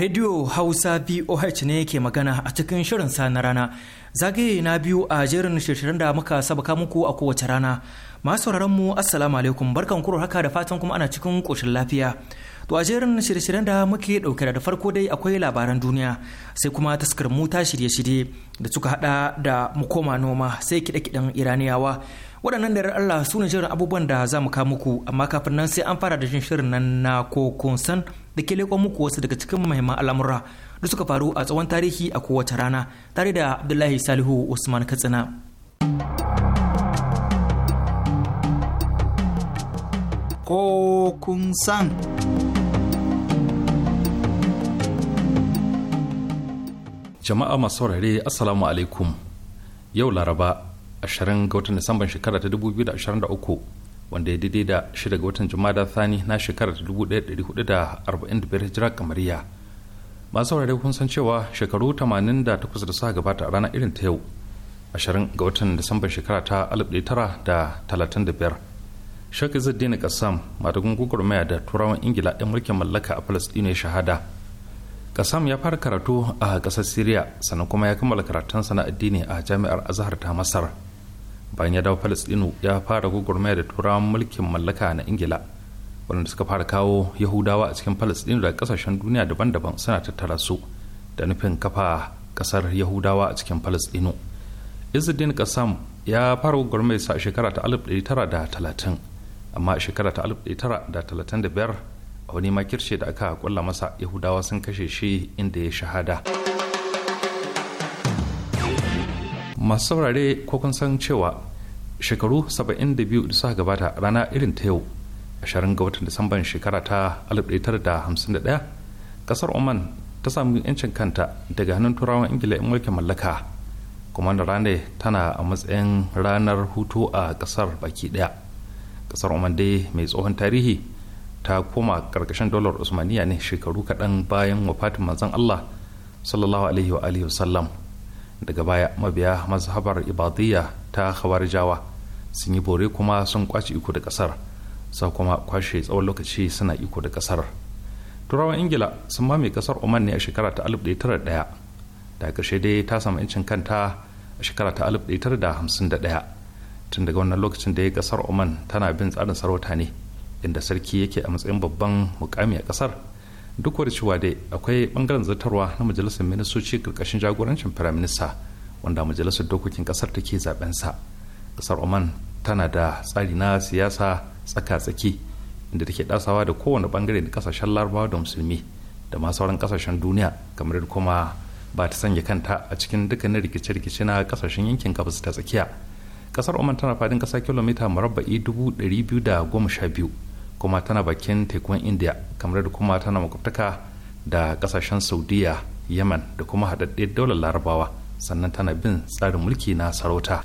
Radio Hausa VOH ne ke magana a cikin shirinsa na rana. Zagaye na biyu a jerin shirin da muka sabaka muku a kowace rana. Masu mu Assalamu alaikum barkan kuro haka da fatan kuma ana cikin koshin lafiya. To a jerin shirye da muke dauke da farko dai akwai labaran duniya sai kuma taskar mu ta shirye-shirye da suka hada da mu koma noma sai kiɗe-kiɗen Iraniyawa. waɗannan da Allah su ne jiran abubuwan da za mu kawo muku amma kafin nan sai an fara da shin shirin nan na ko san da ke leƙon muku wasu daga cikin mahimman al'amura da suka faru a tsawon tarihi a kowace rana tare da Abdullahi Salihu Usman Katsina. Ko kun san. Jama'a masu saurare Assalamu alaikum. Yau Laraba 20 ga watan Disamban shekara ta 2023 wanda ya daidai da 6 ga watan Jumada Thani na shekara ta 1445 hijira kamariya. Masu saurare kun san cewa shekaru 88 da suka gabata a ranar irin ta yau 20 ga watan Disamban shekara ta 1935. Sheikh Izzuddin Kassam matagun gwagwarmaya da turawan Ingila 'yan mulkin mallaka a Falasɗinu ya shahada. Kassam ya fara karatu a ƙasar Siriya sannan kuma ya kammala karatunsa na addini a jami'ar Azhar ta Masar. bayan ya dawo palestino ya fara gwagwarmaya da turawan mulkin mallaka na ingila waɗanda suka fara kawo yahudawa a cikin palestino daga ƙasashen duniya daban-daban suna tattara su da nufin kafa ƙasar yahudawa a cikin palestino izuddin kasam ya fara gwagwarmaya sa shekara ta 1930 amma a shekara ta 1935 a wani makirce da aka kulla masa yahudawa sun kashe shi inda ya shahada. masu saurare ko kun san cewa shekaru 72 da suka gabata rana irin ta yau 20 ga watan disamban shekara ta 1951 kasar oman ta samu yancin kanta daga hannun turawan ingila in mulkin mallaka kuma da ranar tana a matsayin ranar hutu a kasar baki daya kasar oman dai mai tsohon tarihi ta koma karkashin dolar usmaniya ne shekaru kaɗan bayan wafatin manzon allah sallallahu alaihi wa alihi sallam. daga baya mabiya mazhabar ibadiyya ta khawarijawa sun yi bore kuma sun kwace iko da kasar sa kuma kwashe tsawon lokaci suna iko da kasar turawan ingila sun mame kasar oman ne a shekara ta 1901 da ƙarshe dai ta samu 'yancin kanta a shekara ta 1951 tun daga wannan lokacin da ya kasar oman tana bin tsarin sarauta ne inda sarki yake a matsayin babban mukami a kasar duk da cewa dai akwai bangaren zartarwa na majalisar ministoci karkashin jagorancin firaminista wanda majalisar dokokin kasar take zaben sa kasar oman tana da tsari na siyasa tsaka-tsaki inda take dasawa da kowane bangare da kasashen larabawa da musulmi da ma sauran kasashen duniya kamar da kuma ba ta sanya kanta a cikin dukkanin rikice-rikice na kasashen yankin gabas ta tsakiya kasar oman tana fadin kasa kilomita murabba'i biyu kuma tana bakin tekun india kamar da kuma tana makwabtaka da kasashen saudiya yaman da kuma haɗaɗɗe daular larabawa sannan tana bin tsarin mulki na sarauta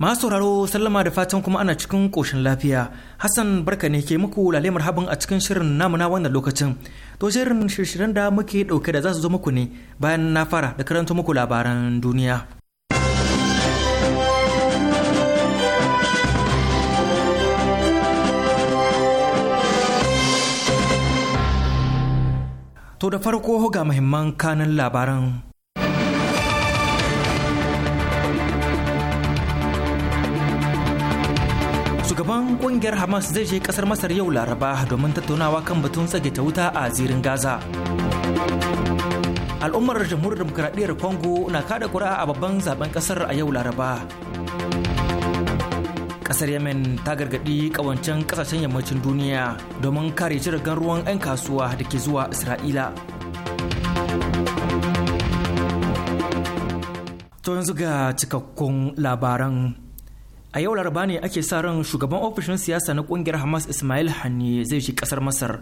masu sauraro sallama da fatan kuma ana cikin koshin lafiya hassan barka ne ke muku lalemar habin a cikin shirin namuna na wannan lokacin to shirin shirshiren da muke ɗauke da za su zo muku ne bayan na fara da karanta muku labaran duniya To da farko ga muhimman kanan labaran shugaban kungiyar hamas zai je kasar masar yau laraba domin tattaunawa kan batun tsage ta wuta a zirin gaza al'ummar jamhuriyar demokradiyyar congo na kada kura a babban zaben kasar a yau laraba kasar yemen ta gargaɗi kawancen kasashen yammacin duniya domin kare jiragen ruwan 'yan kasuwa da ke zuwa isra'ila to yanzu ga cikakkun labaran a yau laraba ne ake sa ran shugaban ofishin siyasa na kungiyar hamas ismail hani zai shi kasar masar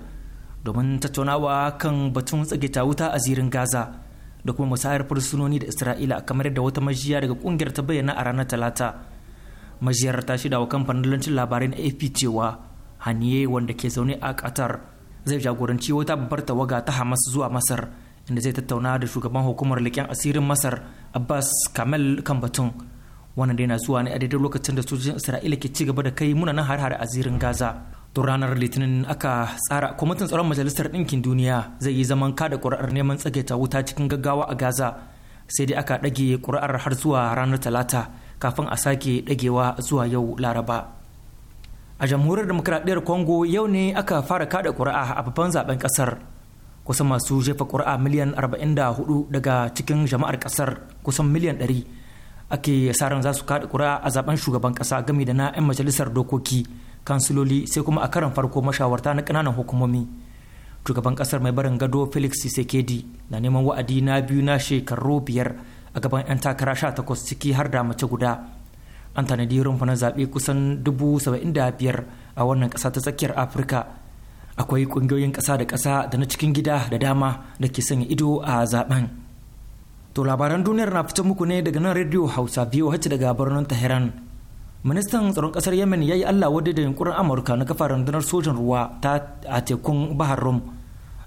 domin tattaunawa kan batun tsagita wuta a zirin gaza da kuma musayar fursunoni da isra'ila kamar yadda wata majiya daga kungiyar ta bayyana a ranar talata majiyar ta shida wa kamfanin lancin labarai na ap cewa haniye wanda ke zaune a qatar zai jagoranci wata babbar tawaga ta hamas zuwa masar inda zai tattauna da shugaban hukumar leƙen asirin masar abbas kamal kan batun wannan dai na zuwa ne a daidai lokacin da sojojin isra'ila ke ci gaba da kai munanan har-har a zirin gaza tun ranar litinin aka tsara kwamitin tsaron majalisar ɗinkin duniya zai yi zaman kada ƙuri'ar neman ta wuta cikin gaggawa a gaza sai dai aka ɗage ƙuri'ar har zuwa ranar talata kafin a sake ɗagewa zuwa yau laraba a jamhuriyar demokradiyyar kongo yau ne aka fara kada ƙuri'a a babban zaben ƙasar kusan masu jefa ƙuri'a miliyan hudu daga cikin jama'ar ƙasar kusan miliyan ɗari. ake sa ran za su kaɗa ƙuri'a a zaben shugaban ƙasa game da na 'yan majalisar dokoki kansiloli sai kuma a karan farko mashawarta na ƙananan hukumomi shugaban ƙasar mai barin gado felix sisekedi na neman wa'adi na biyu na shekaru biyar a gaban 'yan takara sha takwas ciki har da mace guda an tanadi rumfunan zaɓe kusan dubu saba'in da biyar a wannan ƙasa ta tsakiyar afirka akwai ƙungiyoyin ƙasa da ƙasa da na cikin gida da dama da ke sanya ido a zaben To labaran duniyar na fita muku ne daga nan Radio Hausa VOH daga birnin Tehran. Ministan tsaron kasar Yemen ya yi Allah wadda da yunkurin Amurka na kafa rundunar sojan ruwa ta a tekun Bahar Rum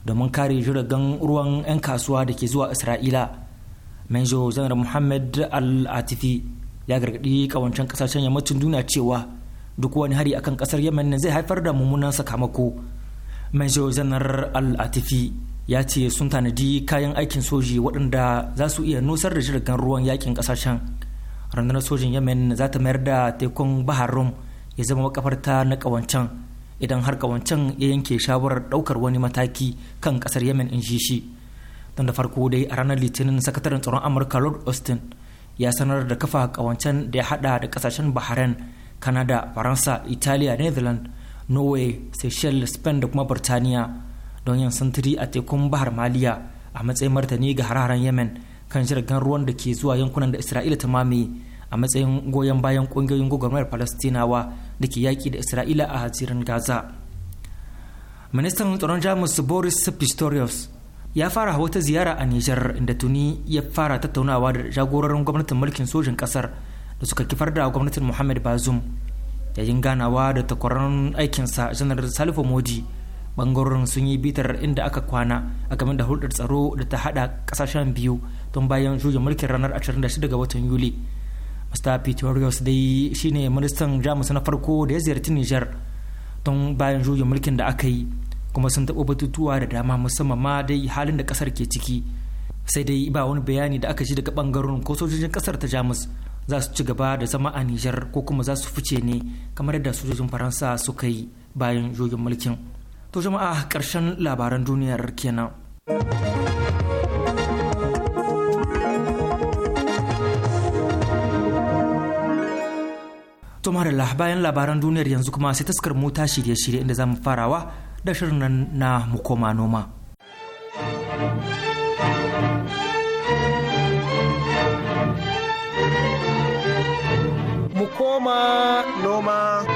domin kare jiragen ruwan 'yan kasuwa da ke zuwa Isra'ila. Menjo zanar Muhammad Al-Atifi ya gargaɗi kawancen kasashen yammacin duniya cewa duk wani hari akan kasar Yemen zai haifar da mummunan sakamako. Menjo zanar Al-Atifi ya ce sun tanadi kayan aikin soji waɗanda za su iya nusar da jirgin ruwan yakin ƙasashen rundunar sojin yemen za ta mayar da tekun bahar rum ya zama makafarta na ƙawancen idan har ƙawancen ya yanke shawarar ɗaukar wani mataki kan ƙasar yemen in ji shi don da farko dai a ranar litinin sakataren tsaron amurka lord austin ya sanar da kafa ƙawancen da ya haɗa da ƙasashen bahrain canada faransa italiya netherlands norway seychelles spain da kuma burtaniya don yin sintiri a tekun bahar maliya a matsayin martani ga hararen yemen kan jirgin ruwan da ke zuwa yankunan da isra'ila ta mamaye a matsayin goyon bayan kungiyoyin gwagwarmayar falastinawa da ke yaƙi da isra'ila a hajjirin gaza ministan tsaron jamus boris pistorius ya fara wata ziyara a nijar inda tuni ya fara tattaunawa da jagororin gwamnatin mulkin sojin kasar da suka kifar da gwamnatin muhammad bazum yayin ganawa da takwarar aikinsa janar salifu modi bangarorin sun yi bitar inda aka kwana a game da hulɗar tsaro da ta haɗa ƙasashen biyu tun bayan juya mulkin ranar 26 ga watan yuli mr pretorius dai shine ministan jamus na farko da ya ziyarci niger tun bayan juya mulkin da aka yi kuma sun taɓa batutuwa da dama musamman ma dai halin da ƙasar ke ciki sai dai ba wani bayani da aka ji daga bangarorin ko sojojin ƙasar ta jamus za su ci gaba da zama a niger ko kuma za su fice ne kamar yadda sojojin faransa suka yi bayan juyin mulkin To jama'a ƙarshen labaran duniyar kenan. To marilla bayan labaran duniyar yanzu kuma sai taskar mota shirye-shirye inda za mu farawa da shirin nan na mukoma noma. Mukoma noma.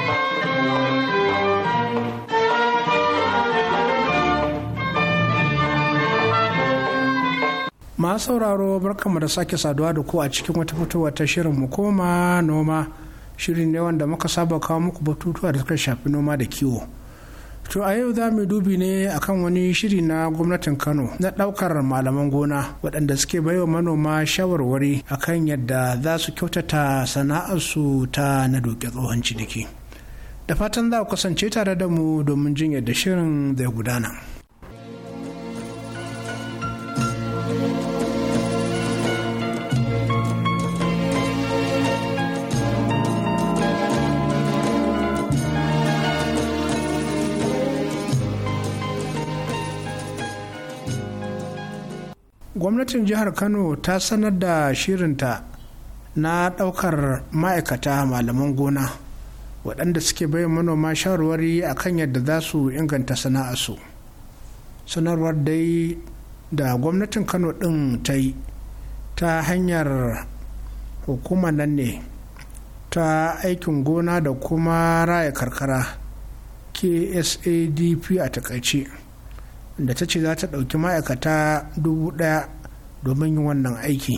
masu sauraro barkanmu da sake saduwa da ku a cikin wata fitowa ta shirin mu koma noma shirin ne wanda muka saba kawo muku batutuwa da suka shafi noma da kiwo to a yau za mu dubi ne akan wani shiri na gwamnatin kano na ɗaukar malaman gona waɗanda suke baiwa manoma shawarwari akan yadda za su kyautata sana'arsu ta na doke tsohon ciniki da fatan za ku kasance tare da mu domin jin yadda shirin zai gudana. gwamnatin jihar kano ta sanar da shirinta na ɗaukar ma'aikata malaman gona waɗanda suke bai manoma shawarwari kan yadda za su inganta sana'arsu sanarwar dai da gwamnatin kano ɗin ta yi ta hanyar hukumar nan ne ta aikin gona da kuma raya karkara ksadp a takaice da ta ce za ta ɗauki ma'aikata dubu ɗaya. domin yin wannan aiki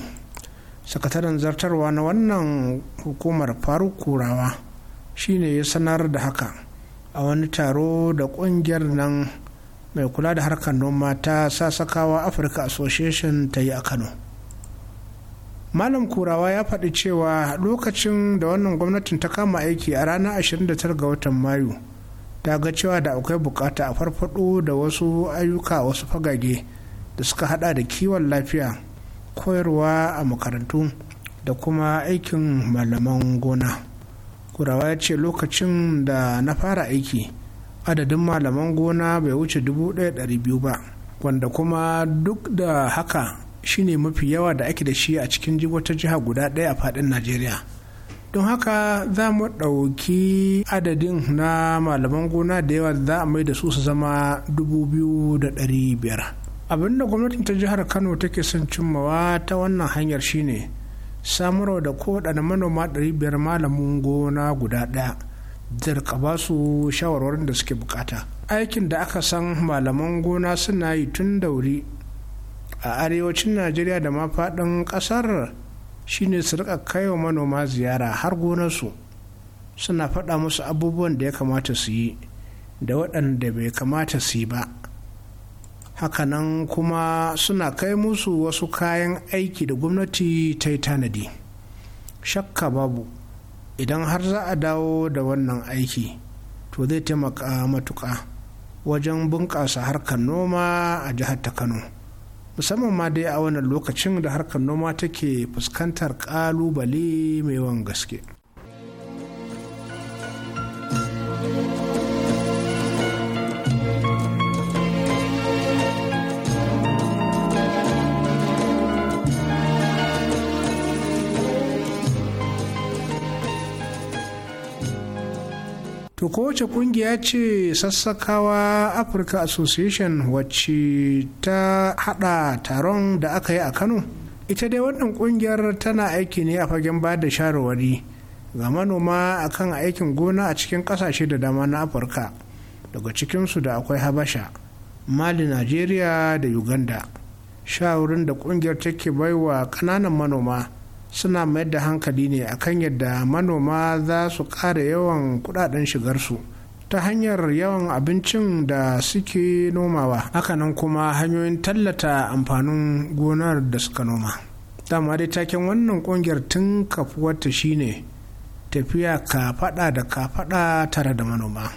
sakataren zartarwa na wannan hukumar faruk kurawa shine ya sanar da haka a wani taro da kungiyar nan mai kula da harkar noma ta sasakawa Afirka association ta yi a kano malam kurawa ya faɗi cewa lokacin da wannan gwamnatin ta kama aiki a ranar 29 ga watan mayu ta ga cewa da akwai bukata a farfado da wasu ayyuka wasu fagage da suka hada da kiwon lafiya koyarwa a makarantu da kuma aikin malaman gona kurawa ya ce lokacin da na fara aiki adadin malaman gona bai wuce dubu 1200 ba wanda kuma duk da haka shine mafi yawa da ake da shi a cikin wata jiha guda ɗaya a faɗin najeriya don haka za mu ɗauki adadin na malaman gona da yawa za a mai da su su zama biyar. abinda gwamnatin ta jihar kano take son cimmawa ta wannan hanyar shine samarwa da kowaɗanne manoma 500 malamin gona guda ɗaya da ba su shawarwarin da suke bukata aikin da aka san malaman gona suna yi tun da wuri a arewacin najeriya da ma faɗin ƙasar shine su rika kaiwa manoma ziyara har gonarsu suna faɗa musu abubuwan da ya kamata su yi da waɗanda bai kamata su yi ba hakanan kuma suna kai musu wasu kayan aiki da gwamnati ta yi tanadi shakka babu idan har za a dawo da wannan aiki to zai taimaka matuƙa wajen bunƙasa harkar noma a jihar ta kano musamman ma dai a wannan lokacin da harkar noma take fuskantar ƙalubale mai yawan gaske. kowace kungiya ce sassakawa africa association wacce ta hada taron da aka yi a kano ita dai wannan kungiyar tana aiki ne a fagen ba da shawarwari ga manoma akan aikin gona a cikin kasashe da dama na afirka daga cikinsu da akwai habasha mali nigeria da uganda shawarin da kungiyar take baiwa kananan manoma suna mayar da hankali ne akan yadda manoma za su ƙara yawan kudaden shigarsu ta hanyar yawan abincin da suke nomawa hakanan kuma hanyoyin tallata amfanin gonar da suka noma dama dai taken wannan kungiyar tun kafuwarta shine tafiya ka kafaɗa da ka kafaɗa tare da manoma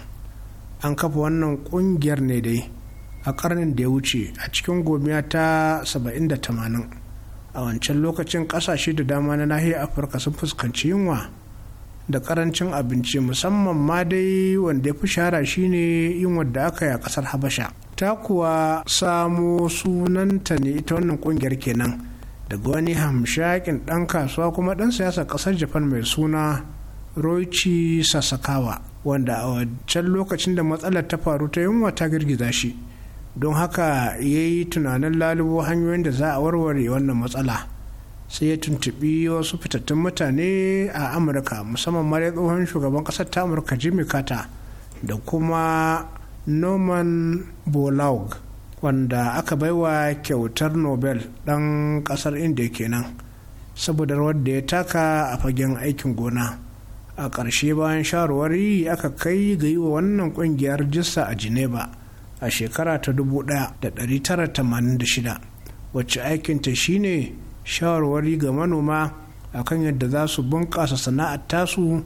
an kafa wannan kungiyar ne dai a karnin da ya wuce a cikin gomiya ta 70 da 80 a wancan lokacin kasashe da dama na nahiyar afirka sun fuskanci yunwa da karancin abinci musamman ma dai wanda ya fi shara shine yunwar da aka yi a kasar habasha ta kuwa samo sunanta ne ita wannan kungiyar kenan daga wani hamshakin dan kasuwa kuma dan siyasa kasar japan mai suna roichi sasakawa wanda a wancan lokacin da matsalar ta faru ta yunwa ta girgiza shi don haka ya yi tunanin lalubo hanyoyin da za a warware wannan matsala sai ya tuntubi wasu fitattun mutane a amurka musamman mara tsohon shugaban ƙasar ta amurka jimmy carter da kuma norman bolaug wanda aka baiwa kyautar nobel ɗan ƙasar india kenan saboda rawar ya taka a fagen aikin gona a ƙarshe bayan shawarwari aka kai ga yi wa wannan ƙungiyar jissa a geneva a shekara ta 1986 wacce aikinta shine shawarwari ga manoma akan yadda za su bunƙasa sana'ar tasu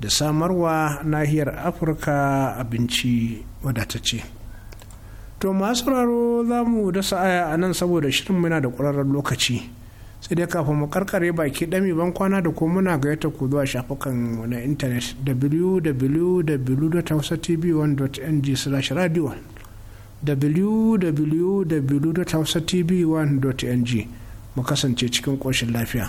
da samarwa nahiyar afirka abinci wadatacce to masu sauraro za mu dasa aya a nan saboda shirin muna da ƙwararren lokaci sai dai kafin mu karkare baki ɗami ban kwana da ko muna gayyata ku zuwa shafukan na intanet www.hausatv1.ng/radio www.hausatv1.ng mu kasance cikin ƙoshin lafiya.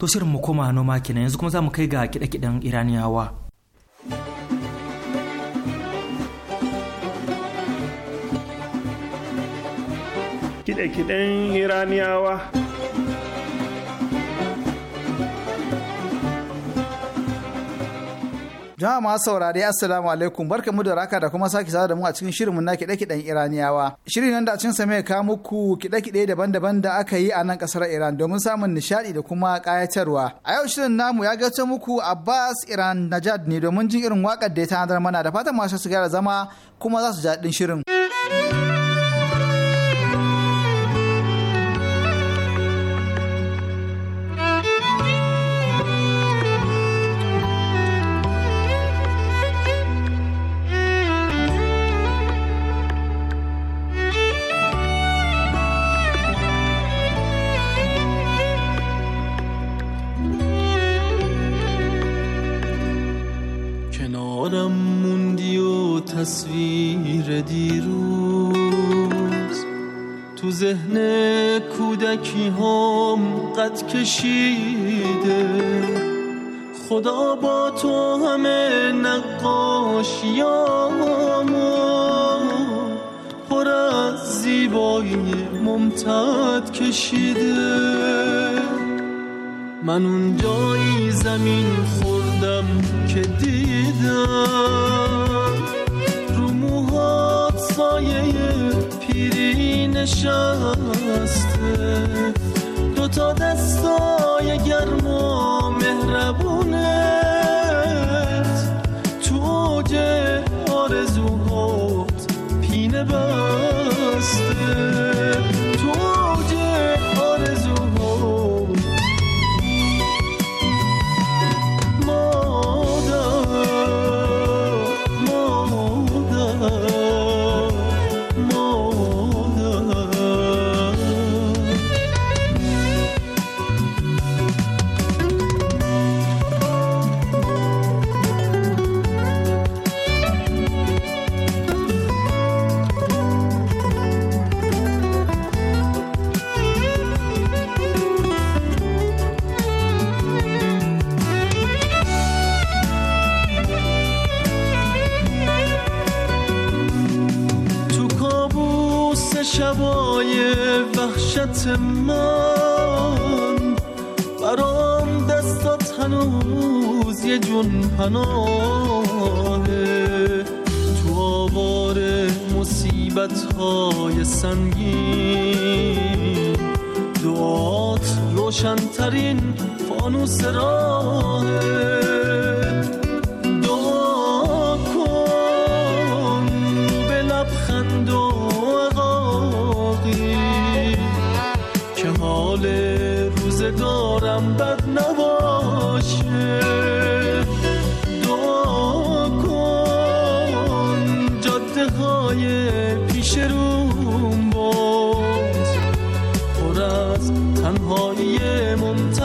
To shirin mu koma noma kenan yanzu kuma za mu kai ga kiɗe-kiɗen Iraniyawa. kide-kiden iraniyawa jama'a masu saurari assalamu alaikum barka mu da raka da kuma sake sada da mu a cikin shirinmu na kiɗe-kiɗen iraniyawa shirin nan da cin sa mai kawo muku kiɗe-kiɗe daban-daban da aka yi a nan ƙasar iran domin samun nishaɗi da kuma kayatarwa. a yau shirin namu ya gaci muku abbas iran najad ne domin jin irin waƙar da ya tanadar mana da fatan masu su gara zama kuma za su ji daɗin shirin. کشیده خدا با تو همه نقاشیامو پر از زیبایی ممتد کشیده من اون جایی زمین خوردم که دیدم رو موهات سایه پیری نشسته دو تا دستای گرم و مهربونت تو اوج آرزوهات پینه بسته من برام دستات هنوز یه جون پناهه تو آوار مصیبت های سنگین دعات روشنترین فانوس راهه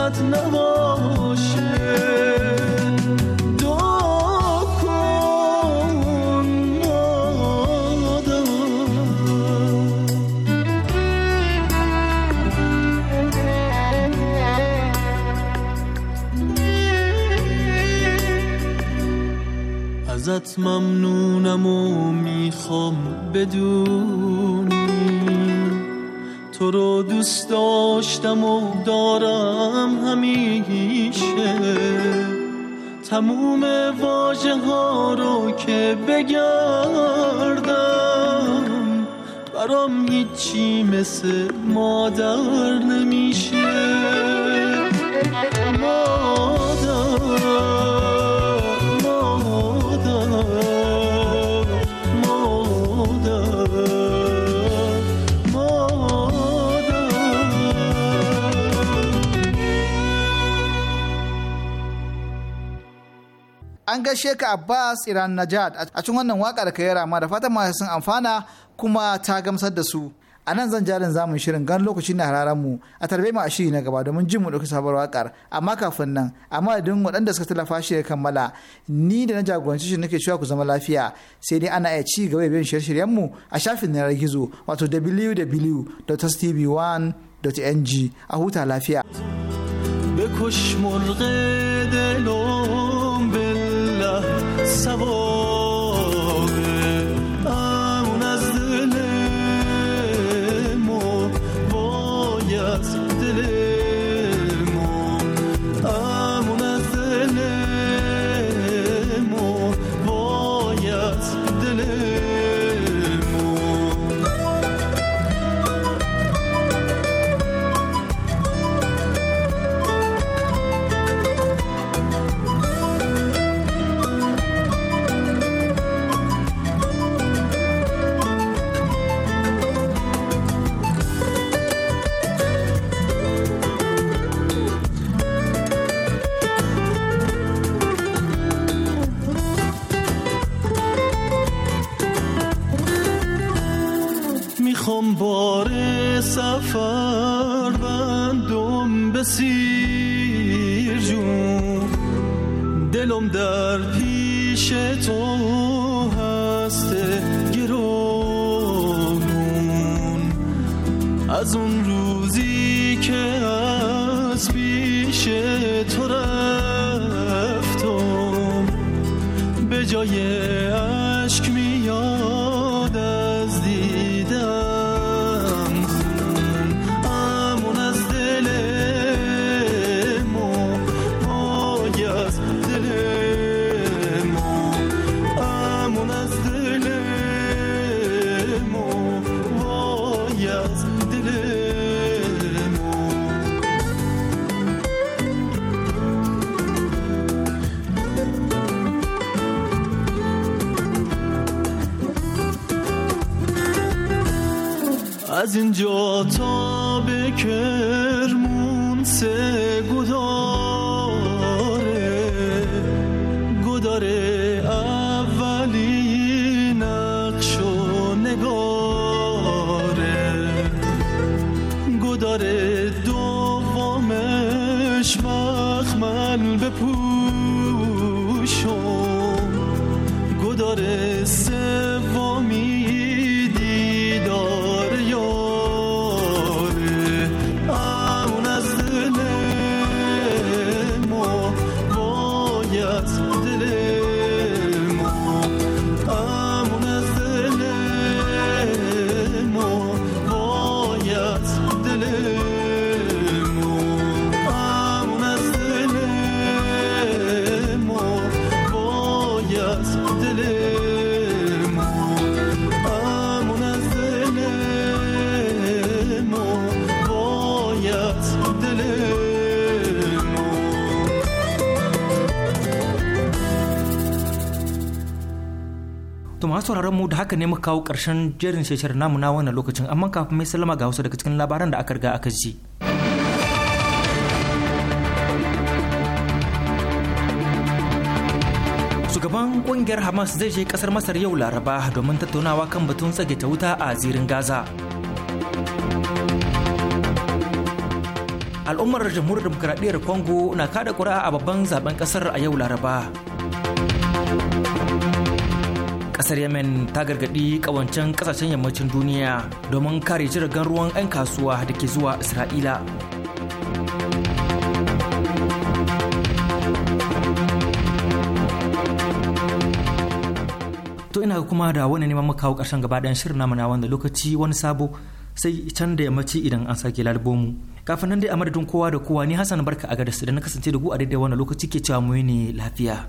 غلط نباشه دعا کن ازت ممنونم و میخوام بدون تو رو دوست داشتم و دارم همیشه تموم واجه ها رو که بگردم برام هیچی مثل مادر نمیشه an gaishe ka Abbas Iran Najad a cikin wannan waka da kai rama da fatan masu sun amfana kuma ta gamsar da su. A nan zan jarin zamun shirin gan lokaci na hararen mu a tarbe mu a shiri na gaba domin jin mu ɗauki sabuwar wakar amma kafin nan amma idan waɗanda suka tallafa shi ya kammala ni da na jagoranci shi nake cewa ku zama lafiya sai dai ana iya ci gaba da bin shirye-shiryen mu a shafin na gizo wato www.tv1.ng a huta lafiya. بکش savoge a unas dilemo voglias dilemo از اون رو از اینجا تا به کرمون سه گداره گداره masu mu da haka ne muka kawo ƙarshen jerin shekar namu na wannan lokacin amma kafin mai salama ga wasu daga cikin labaran da aka riga aka ji. shugaban kungiyar hamas zai je kasar masar yau laraba domin tattaunawa kan batun tsage ta wuta a zirin gaza al'ummar jamhuriyar demokradiyyar congo na kada kuri'a a babban zaben kasar a yau laraba kasar yemen ta gargadi kawancen kasashen yammacin duniya domin kare jiragen ruwan 'yan kasuwa da ke zuwa isra'ila to ina kuma da wani neman makawo karshen gaba shirin namu na wanda lokaci wani sabo sai can da yammaci idan an sake lalbomu kafin nan dai a madadin kowa da kowa ni hassan barka a gadas da na kasance da ku a daidai wannan lokaci ke cewa mu ne lafiya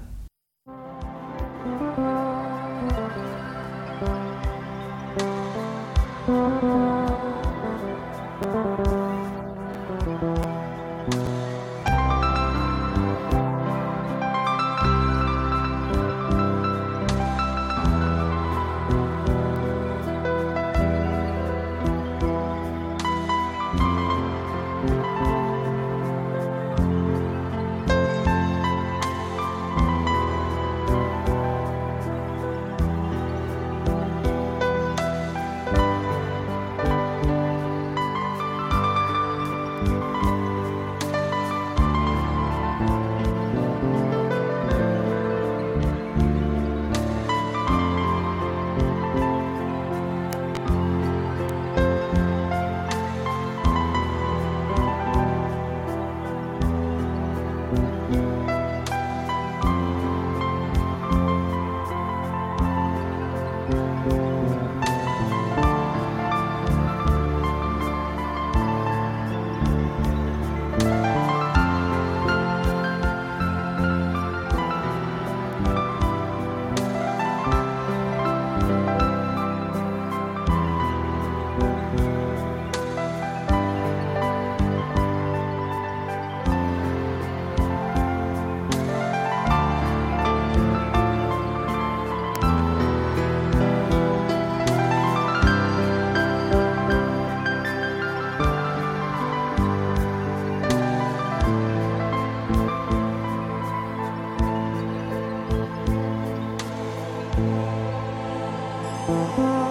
Thank you.